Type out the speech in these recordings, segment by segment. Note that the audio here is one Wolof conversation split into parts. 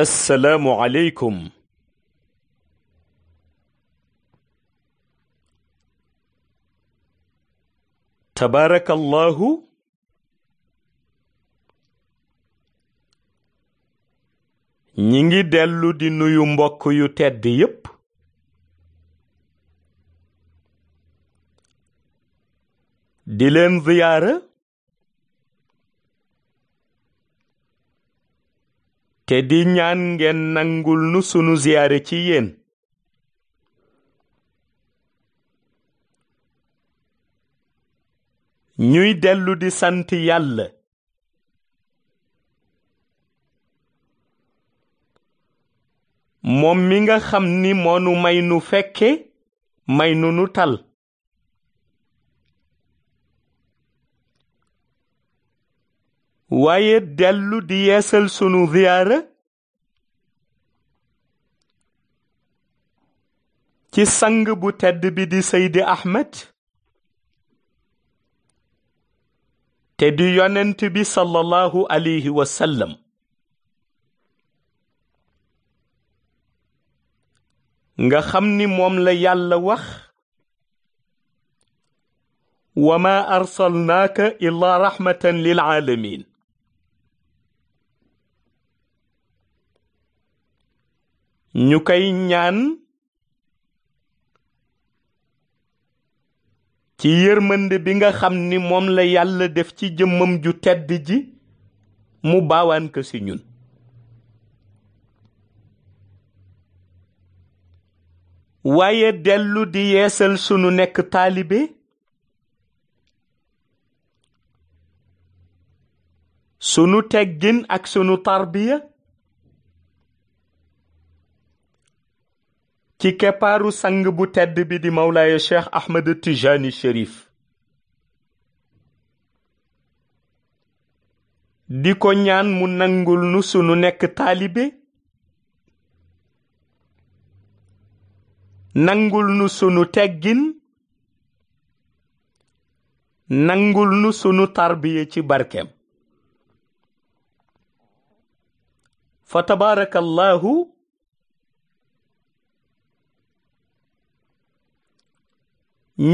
assalaamu aleykum tabaarakallahu ñi ngi dellu di nuyu mbokk yu tedd yépp di leen ziyaara te di ñaan ngeen nangul nu sunu ziyaare ci yéen ñuy dellu di sant yàlla moom mi nga xam ni moonu may nu fekke may nu nu tal waaye dellu di yeesal sunu ziyaara ci sang bu tedd bi di Seydi Ahmed te di yonent bi sallallahu alayhi wa sallam nga xam ni moom la yàlla wax wa ma arsalnaaka illa rahmatan lil aalamin ñu koy ñaan ci yërmande bi nga xam ni moom la yàlla def ci jëmmam ju tedd ji mu baawaan ko si ñun waaye dellu di yeesal sunu nekk taalibe sunu teggin ak sunu tarbiya ci keppaaru sang bu tedd bi di mawlaaye cheikh ahmed tijani shérif di ko ñaan mu nangul nu sunu nekk taalibe nangul nu sunu teggin nangul nu sunu tarbiya ci barkeem fa tabaarakallahu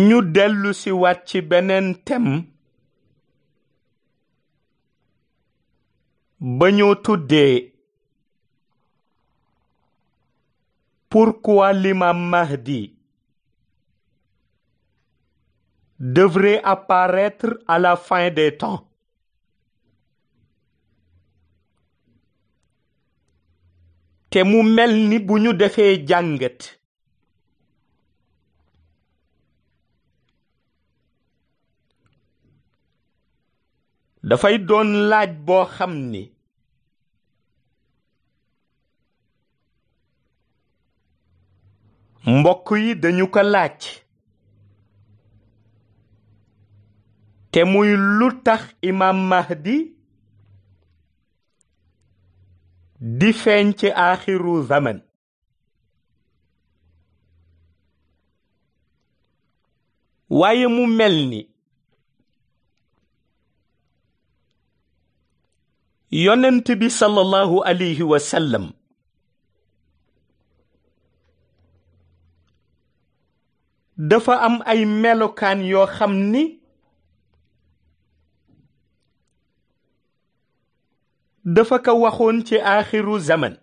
ñu dellusi si ci beneen tem ba ñoo tuddee pourquoi l'imam Mahdi devrait apparaître à la fin des temps te mu mel ni bu ñu defee jàngat dafay doon laaj boo xam ni mbokk yi dañu ko laaj te muy lu tax imaam mahdi di feeñ ci aaxiru zaman waaye mu mel ni yonent bi sallallahu alayhi wa sallam dafa am ay melokaan yoo xam ni dafa ko waxoon ci aaxiru zaman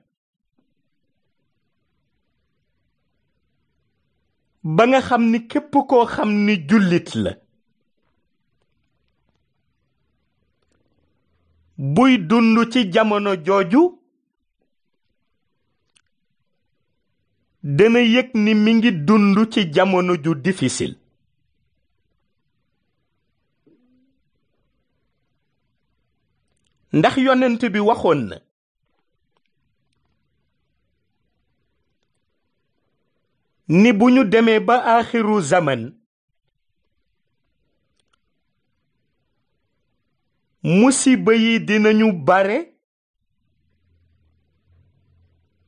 ba nga xam ni képp koo xam ni jullit la buy dund ci jamono jooju dana yëg ni mi ngi dund ci jamono ju difisil ndax yonent bi waxoon na ni bu ñu demee ba aaxiru zaman musiba yi dinañu bare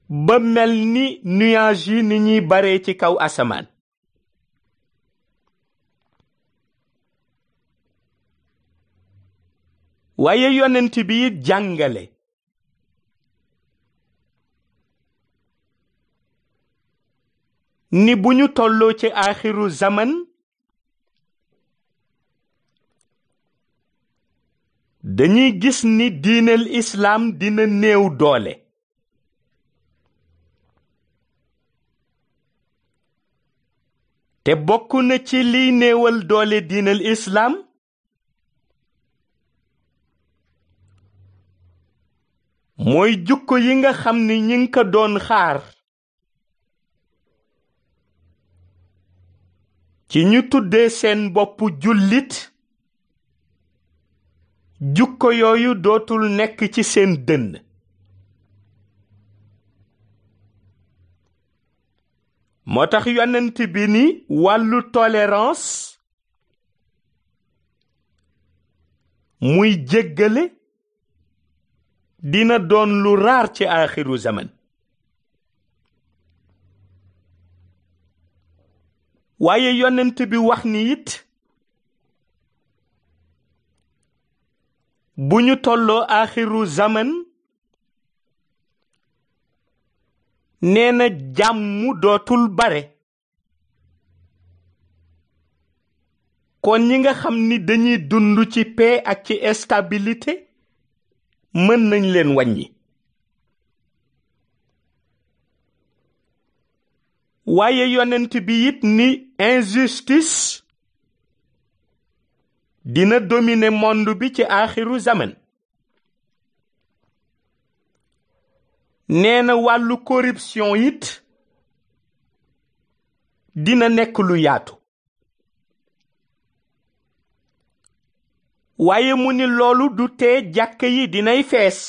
ba mel ni nuage yi ni ñuy bare ci kaw asamaan waaye yonent bi it jàngale ni bu ñu tolloo ci aaxiru zaman dañuy gis ni diineel islaam dina néew doole te bokk na ci liy néewal doole diineel islaam mooy jukko yi nga xam ni ñi ngi ko doon xaar ci ñu tuddee seen bopp jullit jukko yooyu dootul nekk ci seen dënn moo tax yonent bi ni wàllu tolerans muy jéggale dina doon lu raar ci aaxiru zaman waaye yonent bi wax ni it bu ñu tolloo axiru zaman nee na jàmm dootul bare kon ñi nga xam ni dañuy dund ci paix ak ci stabilité mën nañ leen wàññi waaye yonent ni injustice dina dominer mond bi ci aaxiru zaman nee na wàllu corruption it dina nekk lu yaatu waaye mu ni loolu du tee jàkk yi dinay fees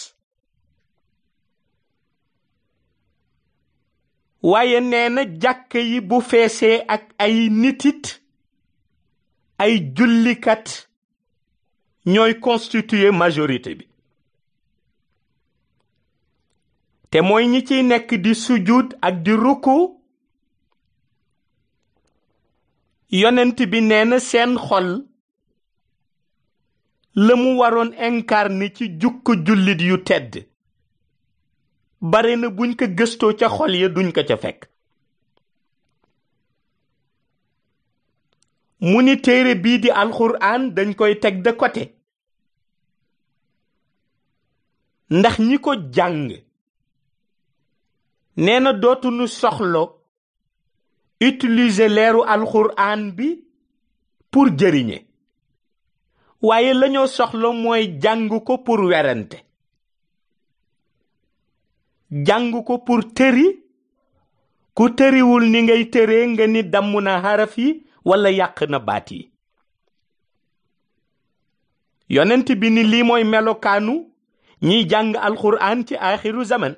waaye nee na jàkk yi bu feesee ak ay nitit ay jullikat ñooy constituer majorité bi te mooy ñi ciy nekk di sujud ak di ruku yonent bi neena seen xol la mu waroon incarné ci jukko jullit yu tedd bare na buñ ko gëstoo ca xol ya duñ ko ca fekk mu ni téere bii di alxuraan dañ koy teg de côté ndax ñi ko jàng nee na dootuñu soxlo utilise leeru alxuraan bi pour jëriñe waaye lañoo soxla mooy jàng ko pour werante jàng ko pour tëri ku tëriwul ni ngay tëre nga ni damm na xaraf yi wala yàq na baat yi yonent bi ni lii mooy melokaanu ñiy jàng alxuraan ci aaxiru zaman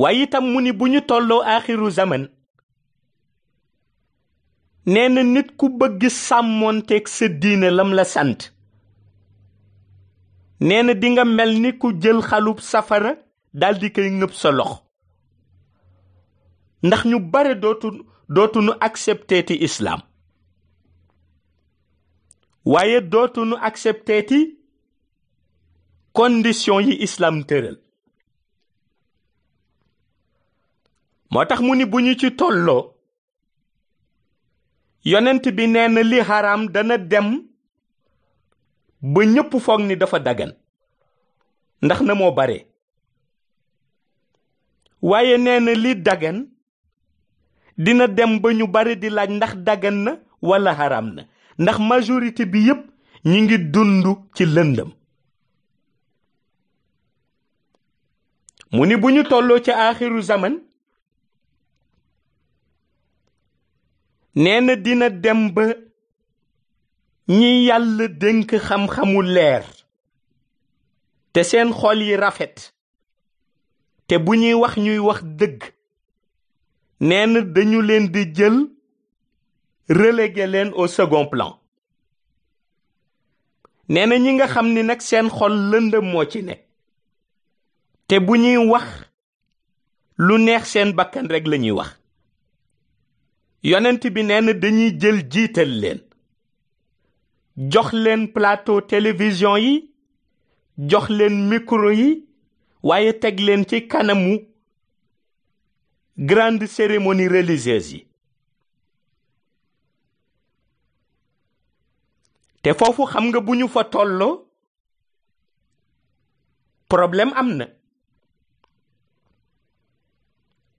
waaye itam mu ni bu ñu tolloo aaxiru zaman nee na nit ku bëgg sàmmoonteeg sa lam la sant nee na di mel ni ku jël xalub safara daldi koy ngëb sa lox ndax ñu bare dootu dootuñu accepteeti islaam waaye dootuñu accepteeti condition yi islaam tëral moo tax mu ni bu ñu ci tolloo yonent bi nee na li xaraam dana dem ba ñépp foog ni dafa daggan ndax na moo bare waaye nee na li dagan dina dem ba ñu bari di laaj ndax dagan na wala haram na ndax majorité bi yépp ñi ngi dund ci lëndëm mu ni bu ñu tolloo ci aaxiru zaman nee na dina dem ba ñi yàlla dénk xam-xamu leer te seen xool yi rafet te bu ñuy wax ñuy wax dëgg nee dañu leen di jël relégué leen au segon plan nee ñi nga xam ni nag seen xol lëndëm moo ci ne te bu ñuy wax lu neex seen bakkan rek lañuy wax yonent bi nee dañuy jël jiital leen jox leen plateau télévision yi jox leen micro yi waaye teg leen ci kanamu grande cérémonie religieuse yi te foofu xam nga bu ñu fa tolloo problème am na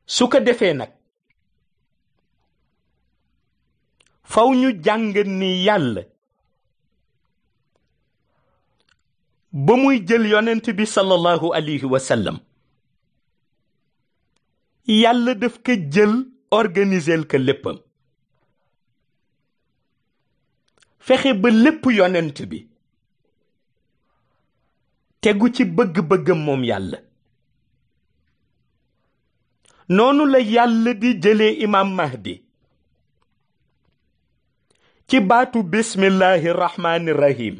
su ko defee nag faw ñu jàng ni yàlla ba muy jël yonent bi sallallahu alayhi wa sallam yàlla daf ko jël organiseel ko léppam fexe ba lépp yonent bi tegu ci bëgg-bëggam moom yàlla noonu la yàlla di jële imaam mahdi ci baatu bismillahi rahmaani rahim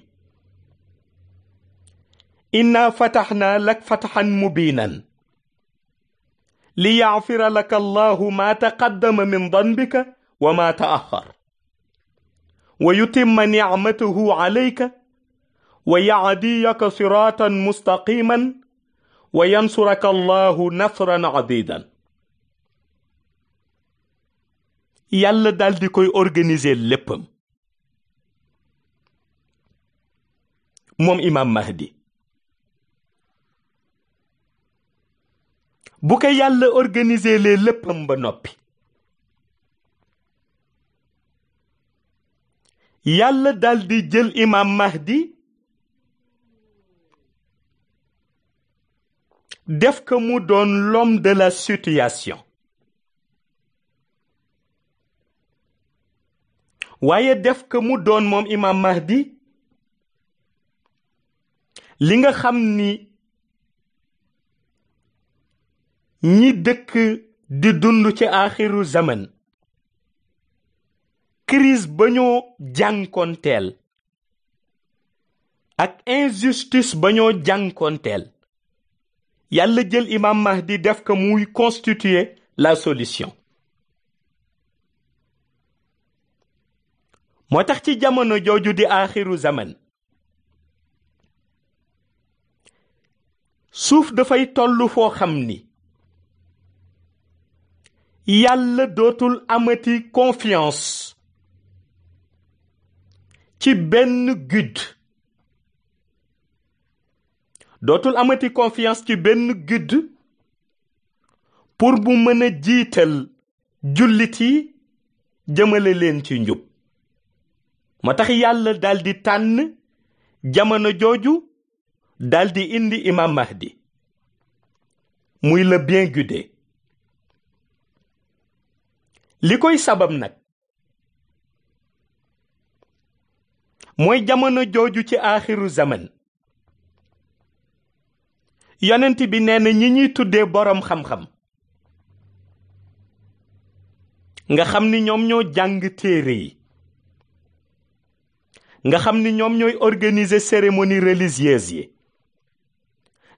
inna fataxnaa lak fataxan mubiinan li yaafira laka allahu ma taqaddama min danbika wa ma taaxar wa yutimma nicmatahu alayka wa yacdiyaka siratan mustaqiman wa yansuraka allahu nasran adidan yàlla daal di koy organiser léppam moom imaam Mahdi bu ko yàlla organiser lee léppam ba noppi yàlla daldi jël imam mahdi def ko mu doon l'homme de la situation waaye def ko mu doon moom imam mahdi li nga xam ni ñi dëkk di dund ci axiru zaman crise ba ñoo jànkoonteel ak injustice ba ñoo jànkoonteel yàlla jël imam di def ko muy constituer la solution moo tax ci jamono jooju di axiru zaman suuf dafay tollu foo xam ni yàlla dootul amati confiance ci benn guide pour bu mën a jiital jullit yi jëmale leen ci njub moo tax yàlla daldi tànn jamono jooju daldi indi imam mahdi muy la bien guidé li koy sabab nag mooy jamono jooju ci aaxiru zaman yonent bi nee na ñi ñuy tuddee boroom xam-xam nga xam ni ñoom ñoo jàng téere yi nga xam ni ñoom ñooy organiser cérémonie religieuse yi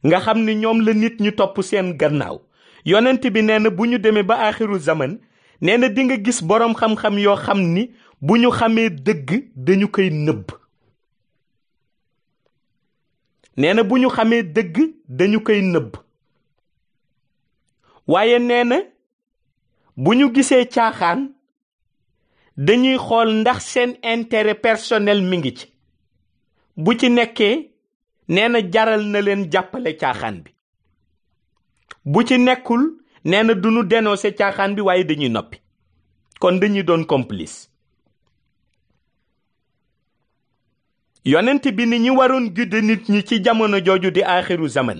nga xam ni ñoom la nit ñu topp seen gannaaw yonent bi nee na bu ñu demee ba aaxiru zaman neena dinga gis boroom xam-xam yoo xam ni bu ñu xamee dëgg dañu koy nëbb nee na bu ñu xamee dëgg dañu koy nëbb waaye neena na bu ñu gisee caaxaan dañuy xool ndax seen intere personnel mi ngi ci bu ci nekkee neena jaral na leen jàppale caaxaan bi bu ci nekkul nee na du denoo dénoncé caaxaan bi waaye dañuy noppi kon dañuy doon complice yonent bi ni ñi waroon gudde nit ñi ci jamono jooju di aaxiru zaman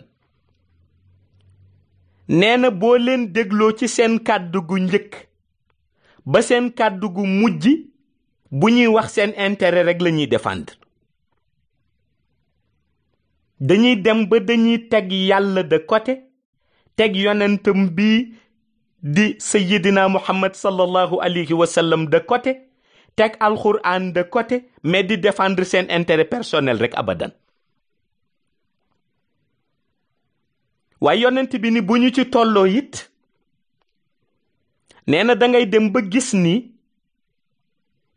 nee na boo leen dégloo ci seen kàddu njëkk ba seen kàddu gu mujj bu ñuy wax seen intérêt rekk lañuy ñuy défendre dañuy dem ba dañuy teg yàlla de côté teg yonentam bi di sayyidina muhammad sallallahu alayhi wa sallam de côté teg alquran de côté mais di défendre seen intérêt personnel rek abadan waaye yonent bi ni bu ñu ci tolloo it nee na da dem ba gis nii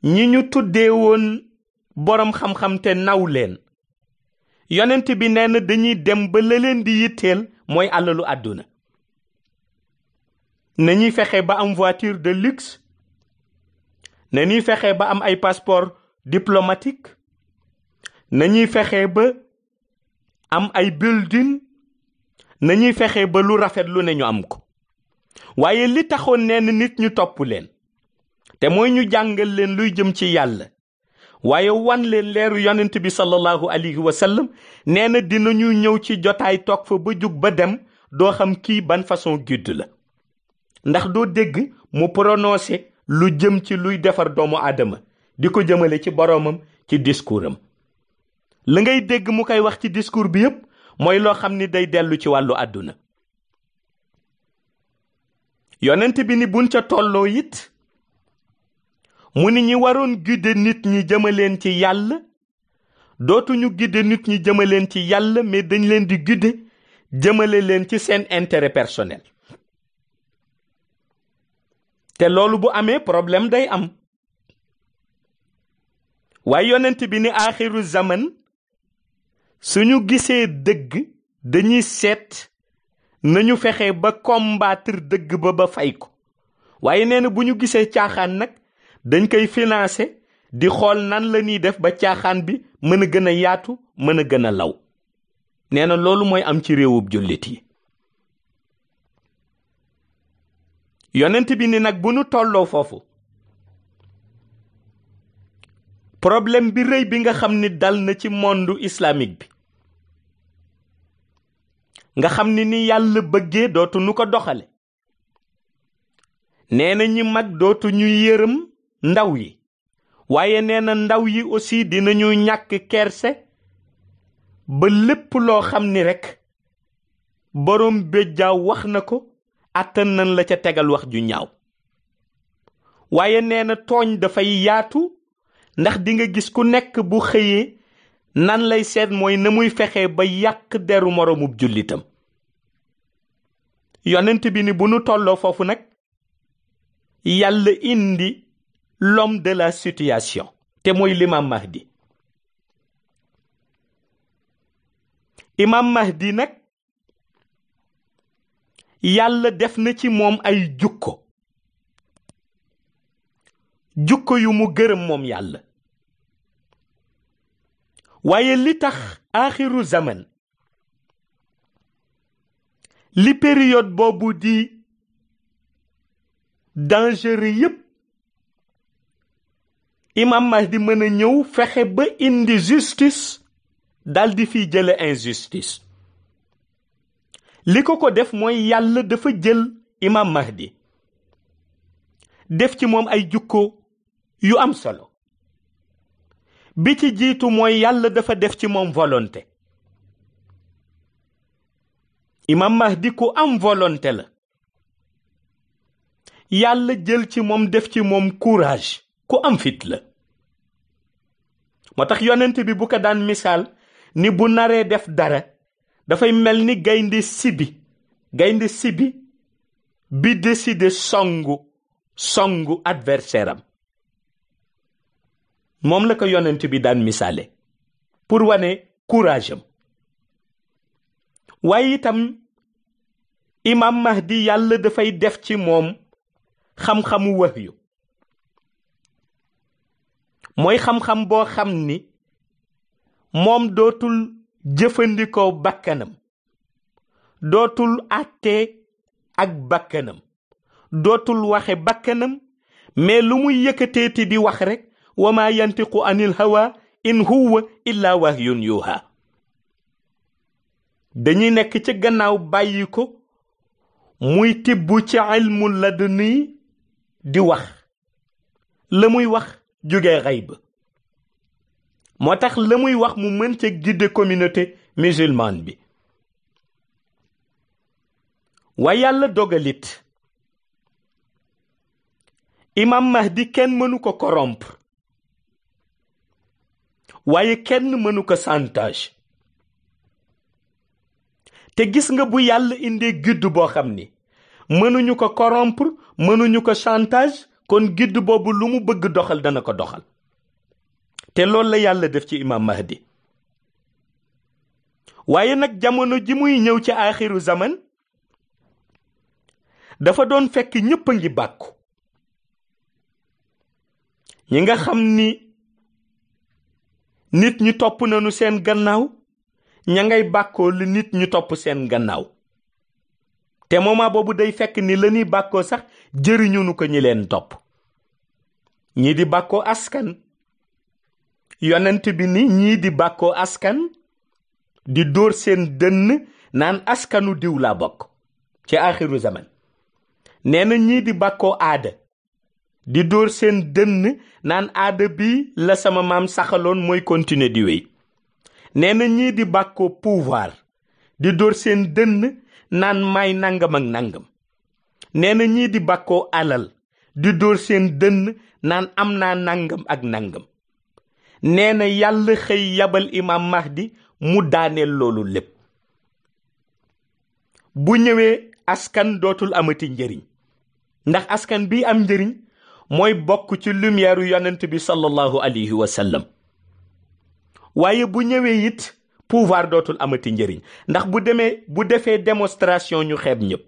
ñi ñu tuddee woon boroom xam-xam te naw leen yonent bi neena dañuy dem ba la leen di yitteel mooy alalu àdduna nañuy fexe ba am voiture de luxe nañuy fexe ba am ay passeport diplomatique nañuy fexe ba am ay building nañuy fexe ba lu rafet lu ne ñu am ko waaye li taxoon neen nit ñu topp leen te mooy ñu jàngal leen luy jëm ci yàlla waaye wan leeru yonent bi sallallahu alayhi wa sallam nee na dinañu ñëw ci jotaay toog fa ba jug ba dem doo xam kii ban façon guide la ndax doo dégg mu prononcé lu jëm ci luy defar doomu aadama di ko jëmale ci boroomam ci diskuuram li ngay dégg mu koy wax ci discours bi yépp mooy loo xam ni day dellu ci wàllu àdduna yonent bi ni buñ ca tolloo it mu ni ñi waroon gidde nit ñi jëmaleen ci yàlla dootuñu gidde nit ñi jëmaleen ci yàlla mais dañ leen di gidde jëmale leen ci seen intérêt personnel te loolu bu amee problème day am waaye yonent bi ni aaxiru zaman suñu gisee dëgg dañuy seet nañu fexe ba combattre dëgg ba ba fay ko waaye nee na bu ñu gisee caaxaan nag dañ koy financé di xool nan la ñuy def ba caaxaan bi mën a gën a yaatu mën a gën a law nee na loolu mooy am ci réewub jullit yi yonent bi ni nag bu nu tolloo foofu problème bi rëy bi nga xam ni dal na ci mondu islamique bi nga xam ni ni yàlla bëggee dootu nu ko doxale nee na ñi mag dootu ñu yërëm ndaw yi waaye nee na ndaw yi aussi dinañu ñàkk kerse ba lépp loo xam ni rekk boroom béjjaaw wax na ko àttan nan la ca tegal wax ju ñaaw waaye nee na tooñ dafay yaatu ndax dinga gis ku nekk bu xëyee nan lay seet mooy na muy fexe ba yàq deru moroomub jullitam yonent bi ni bu nu tolloo foofu nag yàlla indi l'homme de la situation te mooy l'imam Mahdi imam Mahdi nag yàlla def na ci moom ay jukko jukko yu mu gërëm moom yàlla waaye li tax aaxiru zaman li période boobu di dangereux yépp imam Mahdi mën a ñëw fexe ba indi justice dal di fi jële injustice li ko ko def mooy yàlla dafa jël imam Mahdi def ci moom ay jukko yu am solo bi ci jiitu mooy yàlla dafa def ci moom volonté imam Mahdi ku am volonté la yàlla jël ci moom def ci moom courage ku am fit la moo tax yonent bi bu ko daan misaal ni bu naree def dara dafay mel ni gaynde sibi gaynde sibi bi décider songu songu adversaire am moom la ko yonent bi daan misaale pour wane courage am waaye itam imam mahdi yàlla dafay def ci moom xam-xamu wahyu mooy xam-xam boo xam ni moom dootul jëfandikoo bakkanam dootul àtte ak bakkanam dootul waxe bakkanam mais lu muy yëkkateeti di wax rekk wa ma yantiqu anil hawa in yu illa wahyun yuha dañuy nekk ci gannaaw bàyyi ko muy tibb ci ilmu laduni di wax la muy wax jugee xayb moo tax la muy wax mu mën ca gidde communauté musulmane bi waaye yàlla dogalit imam mahdi kenn mënu ko corrompre waaye kenn mënu ko chantage te gis nga bu yàlla indee gidd boo xam ni mënuñu ko corrompre mënuñu ko chantage kon gidd boobu lu mu bëgg doxal dana ko doxal te loolu la yàlla def ci imam mahdi waaye nag jamono ji muy ñëw ci aaxiru zaman dafa doon fekk ñépp a ngi bàkku ñi nga xam ni nit ñi topp nañu seen gannaaw ña ngay bàkkoo li nit ñu topp seen gannaaw te moment boobu day fekk ni la bàkkoo sax jëriñu nu ko ñi leen topp ñii di bàkkoo askan yonent bi ni ñii di bàkkoo askan di dóor seen dënn naan askanu diw laa bokk ci axiru zaman nee na ñii di bàkkoo aada di dóor seen dënn naan aada bi la sama maam saxaloon mooy continuer di wéy nee na ñii di bàkkoo pouvoir di dóor seen dënn naan may nangam ak nangam nee na ñii di bakkoo alal di dóor seen dënn naan am naa nangam ak nangam nee na yàlla xëy yabal imam mahdi mu daaneel loolu lépp bu ñëwee askan dootul amati njëriñ ndax askan bi am njëriñ mooy bokk ci lumière yonent bi sallallahu alayhi wa waaye bu ñëwee it pouvoir dootul amati njëriñ ndax bu demee bu defee démonstration ñu xeeb ñëpp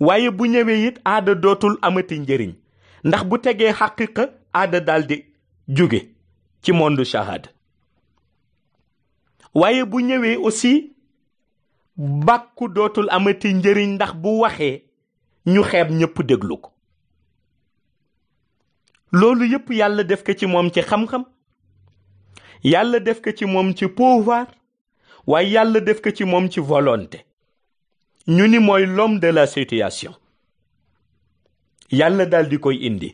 waaye bu ñëwee it aada dootul amati njëriñ ndax bu tegee xaqiqa aada daldi jóge ci monde shahada waaye bu ñëwee aussi bàkku dootul amati njëriñ ndax bu waxee ñu xeeb ñëpp déglu ko loolu yëpp yàlla def ko ci moom ci xam-xam yàlla def ko ci moom ci pouvoir waaye yàlla def ko ci moom ci volonté ñu ni mooy lom de la situation yàlla daal di koy indi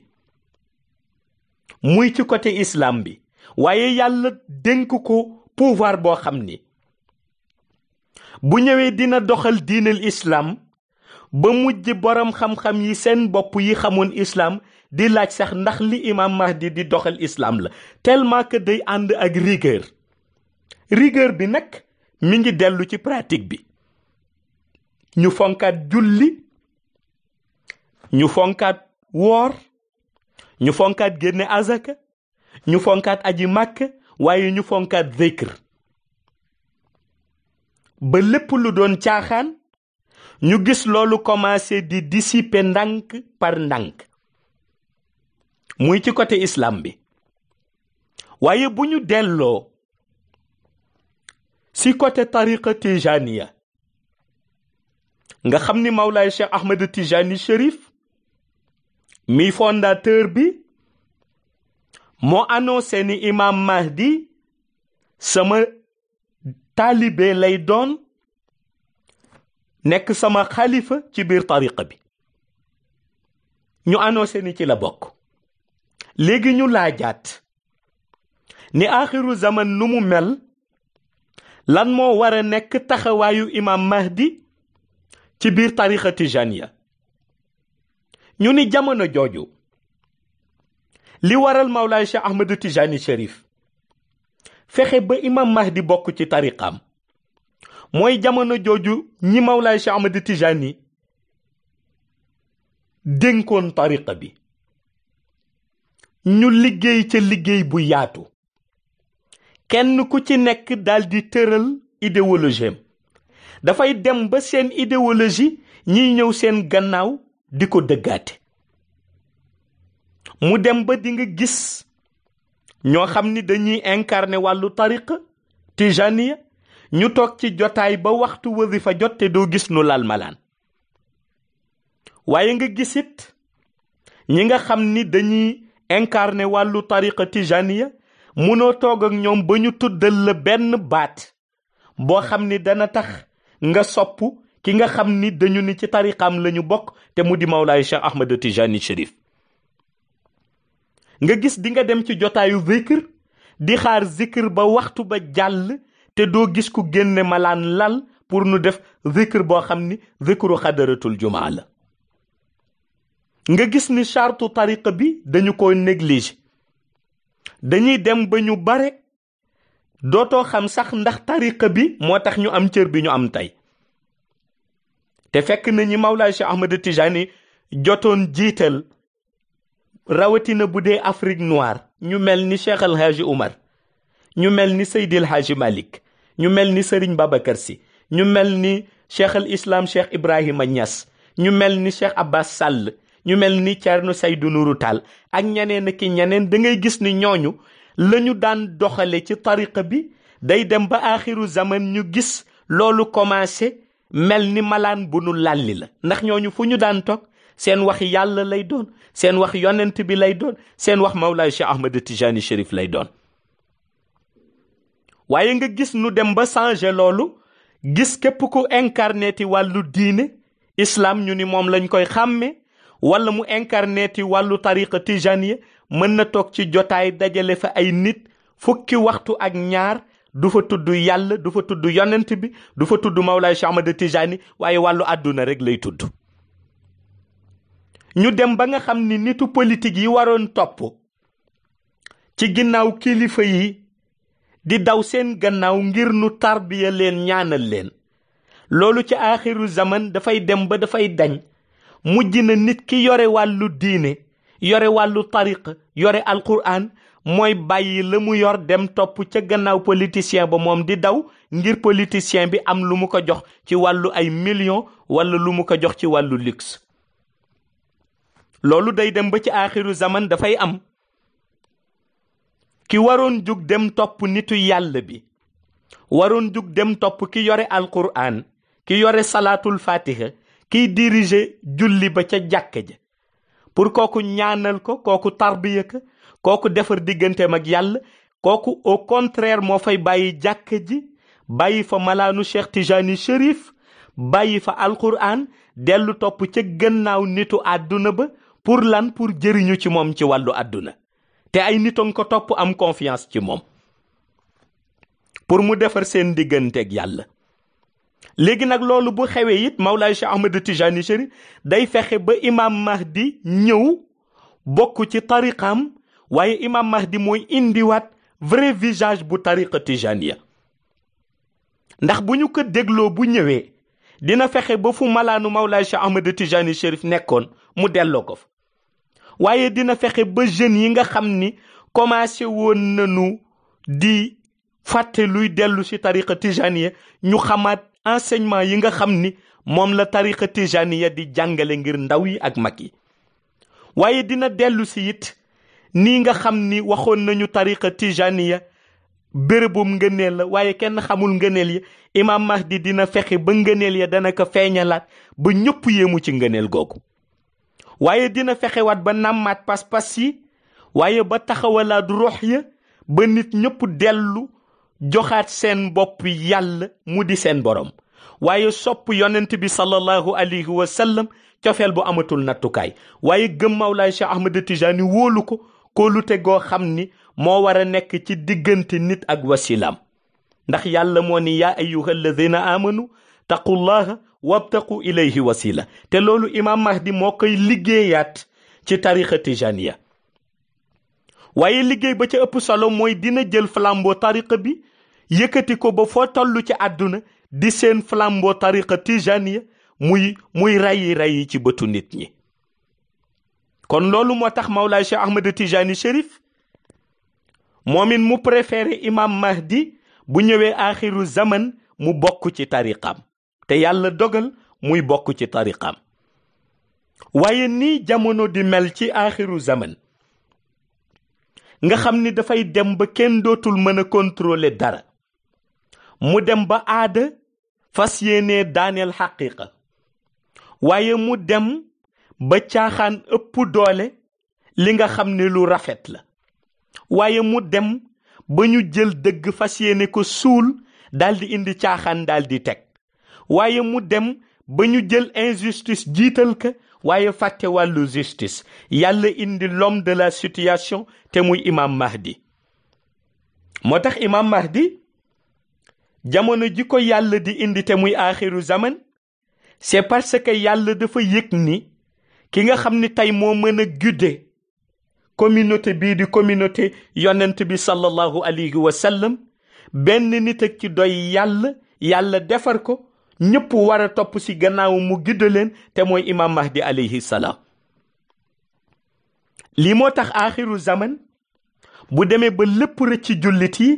muy ci côté islaam bi waaye yàlla dénk ko pouvoir boo xam ni bu ñëwee dina doxal diinal islam ba mujj boroom xam-xam yi seen bopp yi xamoon islam di laaj sax ndax li imam Mahdi di doxal islaam la tellement que day ànd ak rigueur rigueur bi nag mu ngi dellu ci pratique bi ñu fonkaat julli ñu fonkaat woor ñu fonkaat génne azaka ñu fonkaat aji màkk waaye ñu fonkaat zikr ba lépp lu doon caaxaan ñu gis loolu commencé di dissiper ndànk par ndànk muy ci côté islam bi waaye bu ñu delloo si côté tariqa tijaniya nga xam ni Mawlaay Cheikh Ahmed Tijani Cherif mi fondateur bi moo annoncé ni imam Mahdi sama taalibe lay doon nekk sama xalifa ci biir tariqa bi ñu annoncé ni ci la bokk léegi ñu laajaat ni axiru zaman nu mu mel lan moo war a nekk taxawaayu imam Mahdi ci biir tarixa tijaniya ñu ni jamono jooju li waral Mawlaay Cheikh Ahmadu Tijani Cherif fexe ba imam di bokk ci tariqaam mooy jamono jooju ñi Mawlaay Cheikh Ahmadu Tijani dénkoon tariqa bi ñu liggéey ca liggéey bu yaatu kenn ku ci nekk daldi tëral idéologie am dafay dem ba seen idéologie ñiy ñëw seen gannaaw di ko dëggaate mu dem ba dinga gis ñoo xam ni dañuy incarné wàllu tariqa tijaniya ñu toog ci jotaay ba waxtu wasifa jot te doo gis nu lal malaan waaye nga gisit ñi nga xam ni dañuy incarné wàllu tariqa tijaniya munoo toog ak ñoom ba ñu tuddal la benn baat boo xam ni dana tax nga sopp ki nga xam ni dañu ni ci tarixam lañu bokk te mu di Mawlaay Cheikh Ahmed Tijani Cherif nga gis di nga dem ci jotaayu zikr di xaar zikr ba waxtu ba jàll te doo gis ku génne malaan lal pour nu def zikr boo xam ni zikru xadaratul jumaa la nga gis ni chartu tariqa bi dañu ko néglige dañuy dem ba ñu bare dootoo xam sax ndax tariqa bi moo tax ñu am cër bi ñu am tey te fekk na ñi Mawlaay Cheikh Ahmed Tijani jotoon jiital rawatina bu dee Afrique noire ñu mel ni Cheikh El Hadji ñu mel ni Seydi El Hadji Malick ñu mel ni Serigne Babacar Sy ñu mel ni Cheikh al Islam Cheikh Ibrahima Niass ñu mel ni Cheikh Abbas Sall ñu mel ni Thierno Seydou Nourou Tall ak ñeneen ak ñeneen da ngay gis ni ñooñu lañu daan doxale ci tariqa bi day dem ba aaxiru zaman ñu gis loolu commencé mel ni malaan bu nu làlli la ndax ñooñu fu ñu daan toog seen wax yàlla lay doon seen wax yonent bi lay doon seen wax Mawlaay Cheikh Ahmed Tijani Chérif lay doon waaye nga gis nu dem ba changé loolu gis képp ku incarnéti wàllu diine islaam ñu ni moom lañu koy xàmme wala mu incarnéti wàllu tariqa tijaniya mën na toog ci jotaay dajale fa ay nit fukki waxtu ak ñaar du fa tudd yàlla du fa tudd yonent bi du fa tudd Mawlaay Cheikh Ahmad Tijaani waaye wàllu àdduna rekk lay tudd ñu dem ba nga xam ni nitu politique yi waroon topp ci ginnaaw kilifa yi di daw seen gannaaw ngir nu tarbiya leen ñaanal leen loolu ci aaxiru zaman dafay dem ba dafay dañ mujj na nit ki yore wàllu diine yore wàllu tariqa yore alquran mooy bàyyi la mu yor dem topp ca gannaaw politicien ba moom di daw ngir politicien bi am lu mu ko jox ci wàllu ay millions walla lu mu ko jox ci wàllu luxe loolu day dem ba ci aaxiru zaman dafay am ki waroon jug dem topp nitu yàlla bi waroon jug dem topp ki yore alquran ki yore salaatul fatiha kiy diriger julli ba ca jàkke ja pour kooku ñaanal ko kooku tarbiya ko kooku defar digganteem ak yàlla kooku au contraire moo fay bàyyi jàkka ji bàyyi fa malaanu Cheikh Tijani Chérif bàyyi fa alquran dellu topp ca gannaaw nitu àdduna ba pour lan pour jëriñu ci moom ci wàllu àdduna te ay nitoon ko topp am confiance ci moom pour mu defar seen digganteek yàlla léegi nag loolu bu xewee it Mawlaay Cheikh Ahmed Tijani Chérif day fexe ba imam Mahdi ñëw bokk ci tariqam waaye imam Mahdi mooy indiwaat vrai visage bu tariqa tijaniya ndax bu ñu ko dégloo bu ñëwee dina fexe ba fu malaanu Mawlaay Cheikh Ahmed Tijani Chérif nekkoon mu delloo ko fa waaye dina fexe ba jeunes yi nga xam ni commencé woon nañu di fàtte luy dellu si tariqa tijaniya ñu xamaat enseignement yi nga xam ni moom la tariqa tijaniya di jàngale ngir ndaw yi ak mag yi waaye dina dellu si it nii nga xam ni waxoon nañu tariqa tijaniya bérébum ngëneel la waaye kenn xamul ngëneel ya imaam Mahdi dina fexe ba ngëneel ya dana ko feeñalaat ba ñëpp yéemu ci ngëneel googu waaye dina fexewaat ba nàmmaat pas-pas yi waaye ba taxawalaat rox ya ba nit ñëpp dellu joxaat seen bopp yàlla mu di seen borom waaye sopp yonent bi sallallahu alayhi wa sallam cofeel bu amatul nattukaay waaye gëm Mawlaay Cheikh Ahmed Tijaani wóolu ko kóolute goo xam ni moo war a nekk ci diggante nit ak wasilaam ndax yàlla moo ni yaa ayyuha alladina amanu taqullaha wabtaqu ilayhi wasila te loolu imaam mahdi moo koy liggéeyaat ci tarixa ya waaye liggéey ba ca ëpp solo mooy dina jël flambeau tariqa bi yëkkati ko ba foo toll ci àdduna di seen flambeau tariqa tijaniya muy muy rayi rayi ci bëtu nit ñi kon loolu moo tax Mawlaay Cheikh Ahmed Tijani Chérif moom it mu préféré imam Mahdi bu ñëwee axiru zaman mu bokk ci tariqam te yàlla dogal muy bokk ci tariqam waaye nii jamono di mel ci axiru zaman nga xam ni dafay dem ba kenn dootul mën a contrôler dara mu dem ba aada fas yéenee daaneel xaqiiqa waaye mu dem ba caaxaan ëpp doole li nga xam ni lu rafet la waaye mu dem ba ñu jël dëgg fas yéene ko suul daldi indi caaxaan daldi teg waaye mu dem ba ñu jël injustice jiital ka waaye fàtte wàllu justice yàlla indi l'homme de la situation te muy imam mahdi moo tax imam mahdi jamono ji ko yàlla di indi te muy aaxiru zaman c'est parce que yàlla dafa yëg ni ki nga xam ni tey moo mën a guider communauté bii di communauté yonent bi sallallahu alayhi wa benn nit ak doy yàlla yàlla defar ko ñëpp war a topp ci gannaaw mu gidda leen te mooy imam di alayhi salaam lii moo tax aaxiru zaman bu demee ba lépp rëcc jullit yi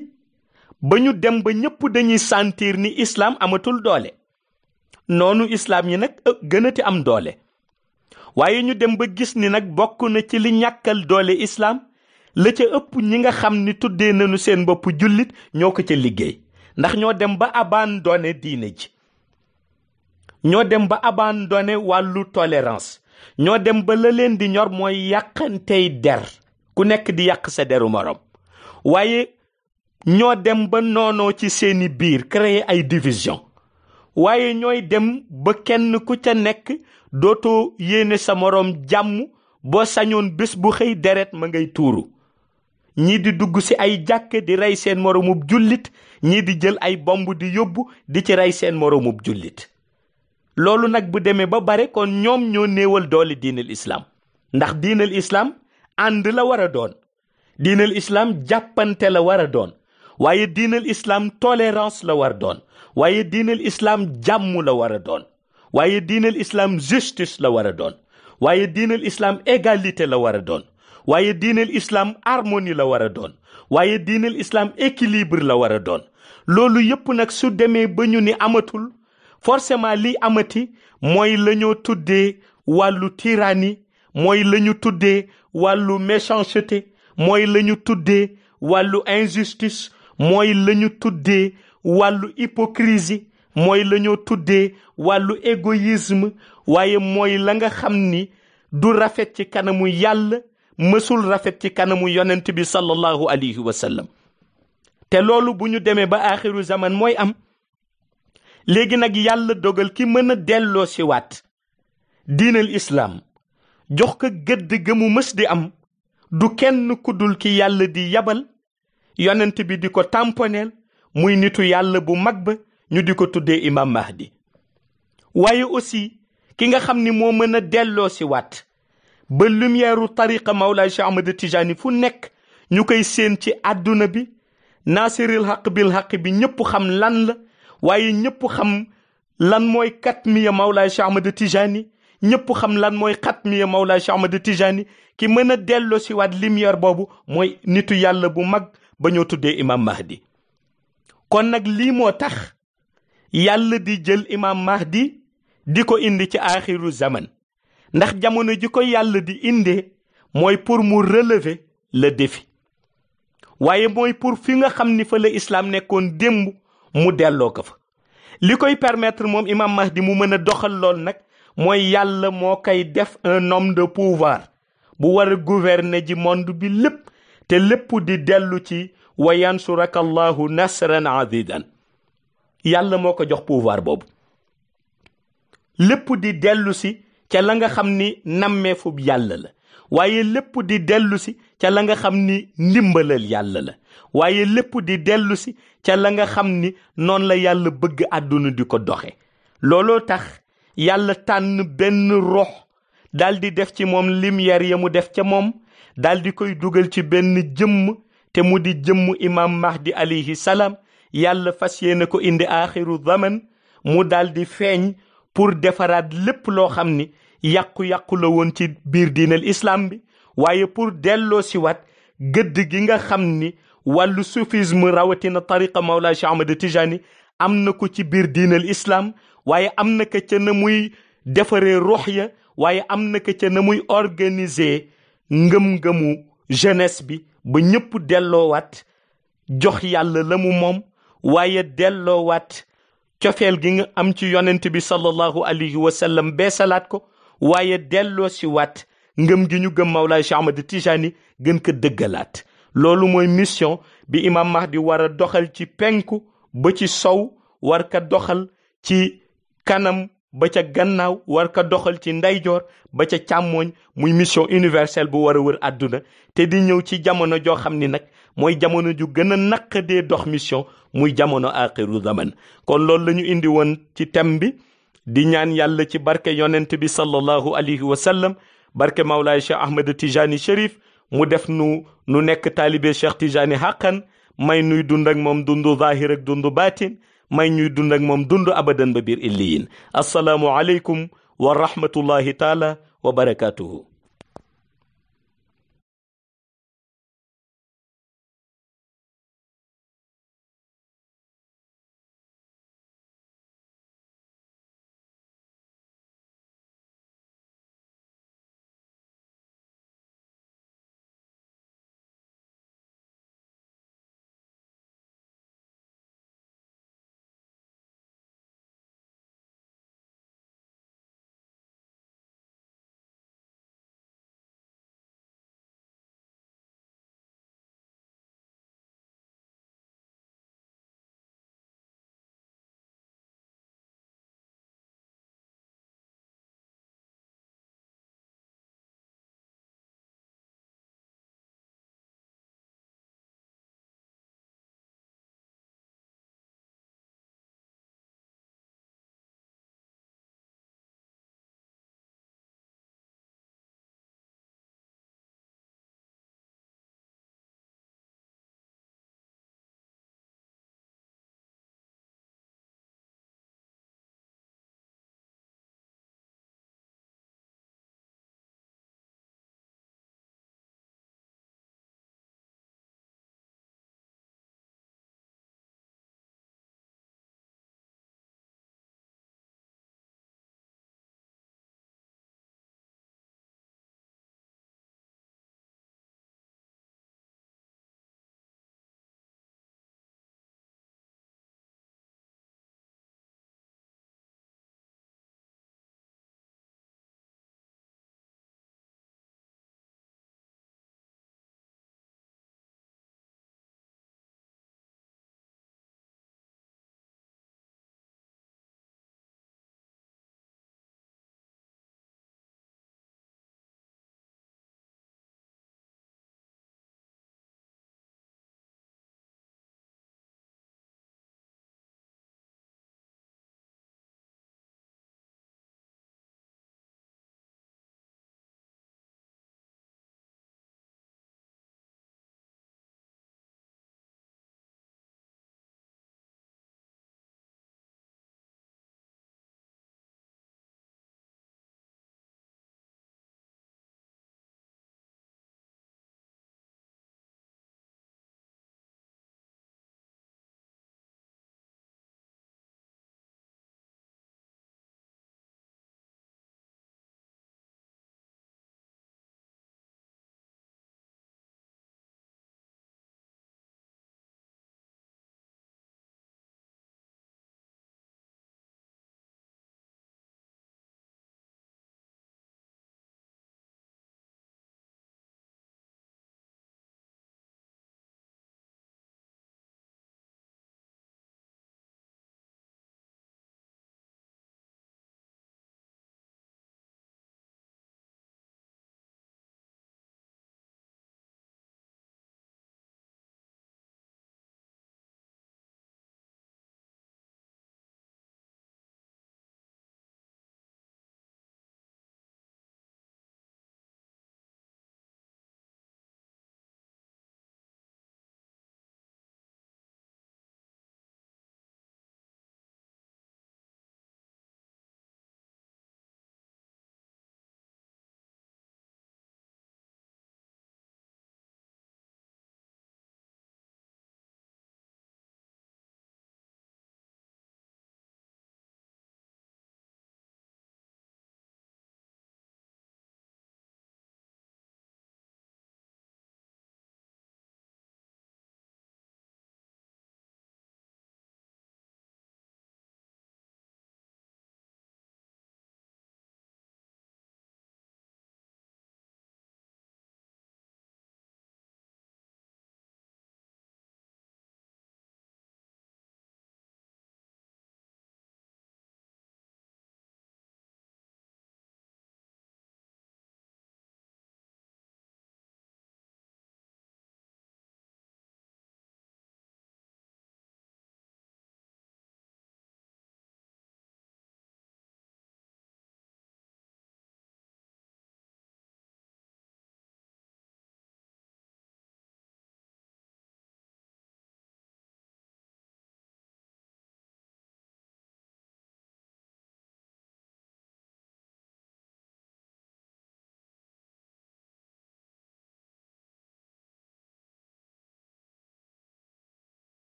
ba ñu dem ba ñépp dañuy sentir ni islaam amatul doole noonu islaam yi nag gënati am doole waaye ñu dem ba gis ni nag bokk na ci li ñàkkal doole islaam la ca ëpp ñi nga xam ni tuddee nañu seen bopp jullit ñoo ko ca liggéey ndax ñoo dem ba abandonné diine ji ñoo dem ba abandonné wàllu tolérance ñoo dem ba la leen di ñor mooy yàqantey der ku nekk di yàq sa deru morom waaye ñoo dem ba noonoo ci seeni biir créer ay division waaye ñooy dem ba kenn ku ca nekk dootoo yéene sa morom jàmm boo sañoon bés bu xëy deret ma ngay tuuru ñii di dugg ci ay jàkk di rey seen moromub jullit ñii di jël ay bomb di yóbbu di ci rey seen moromub jullit loolu nag bu demee ba bare kon ñoom ñoo néewal doole diinal islaam ndax diinal islaam ànd la war a doon diinal islaam jàppante la war a doon waaye diinal islaam tolérance la war doon waaye diinal islaam jàmm la war a doon waaye diinal islaam justice la war a doon waaye diinal islaam égalité la war a doon waaye diinal islaam harmonie la war a doon waaye diinal islaam équilibre la war a doon loolu yëpp nag su demee ba ñu ni amatul forcément liy amati mooy la ñoo tuddee wàllu tyrannie mooy la ñu tuddee wàllu méchanceté mooy la ñu tuddee wàllu injustice mooy la ñu tuddee wàllu hypocrisie mooy la ñoo tuddee wàllu égoïsme waaye mooy la nga xam ni du rafet ci kanamu yàlla mësul rafet ci kanamu yonent bi sallallahu alayhi wa sallam te loolu bu ñu demee ba axiru zaman mooy am léegi nag yàlla dogal ki mën a delloo si waat diinal islaam jox ko gëdd gëmu mu mës di am du kenn ku dul ki yàlla di yabal yonent bi di ko tamponeel muy nitu yàlla bu mag ba ñu di ko tuddee imam mahdi waaye aussi ki nga xam ni moo mën a delloo si waat ba lumièru tariqa Mawlaay Cheikh Ahmad Tijaani fu nekk ñu koy séen ci àdduna bi naasiril xaq bil xaq bi ñëpp xam lan la waaye ñëpp xam lan mooy xatmiya Mawlaay Cheikh Ahmad Tijani ñëpp xam lan mooy xatmiya Mawlaay Cheikh Ahmad Tijani ki mën a delloo si waat lumière boobu mooy nitu yàlla bu mag ba ñoo tuddee imam Mahdi kon nag lii moo tax yàlla di jël imam Mahdi di ko indi ci aaxiru zaman ndax jamono ji ko yàlla di indee mooy pour mu relever le défi waaye mooy pour fi nga xam ni fa la islaam nekkoon démb mu delloo ko fa li koy permettre moom imam Mahdi mu mën a doxal lool nag mooy yàlla moo koy def un homme de pouvoir bu war a ji monde bi lépp te lépp di dellu ci wa yansuraka allahu nasran azidan yàlla moo ko jox pouvoir boobu lépp di dellu si ca la nga xam ni nammeefub yàlla la waaye lépp di dellu si ca la nga xam ni ndimbalal yàlla la waaye lépp di dellu si ca la nga xam ni noonu la yàlla bëgg àdduna di ko doxe looloo tax yàlla tànn benn rox daal di def ci moom lumière ya mu def ca moom daal di koy dugal ci benn jëmm te mu di jëmm imam mahdi alayhi salaam yàlla fas yéene ko indi aaxiru zaman mu daldi feeñ pour defaraat lépp loo xam ni yàqu-yàqu la woon ci biir diinal islam bi waaye pour delloo siwaat gëdd gi nga xam ni wàllu soufisme rawatina tariqa Mawlaa Cheikh Ahmad Tijani am na ko ci biir diinal islam waaye am na ko ca na muy defaree ruux ya waaye am na ko ca na muy organiser ngëm-ngëmu jeunesse bi ba ñëpp delloowaat jox yàlla la mu moom waaye delloowaat cofeel gi nga am ci yonent bi sallallahu alayhi wa sallam salaat ko waaye delloo si waat ngëm gi ñu gëm Mawlaay Cheikh Ahmad Tijani gën ko dëggalaat loolu mooy mission bi imam mahdi war a doxal ci penku ba ci sow war ka doxal ci kanam ba ca gannaaw war ka doxal ci ndeyjoor ba ca càmmooñ muy mission universelle bu war a wër àdduna te di ñëw ci jamono joo xam ni nag mooy jamono ju gën a naqadee dox mission muy jamono axiru zaman kon loolu lañu indi woon ci thème bi di ñaan yàlla ci barke yonent bi sallallahu alayhi wa sallam barke Mawlaay Cheikh Ahmed Tijani Cherif mu def nu nu nekk taalibe Cheikh Tijani xàqan may nuy dund ak moom dundu zahir ak dundu baatin may ñuy dund ak moom dund abadan ba biir illiyin asalaamu aleykum wa rahmatullahi taala wa barakaatuhu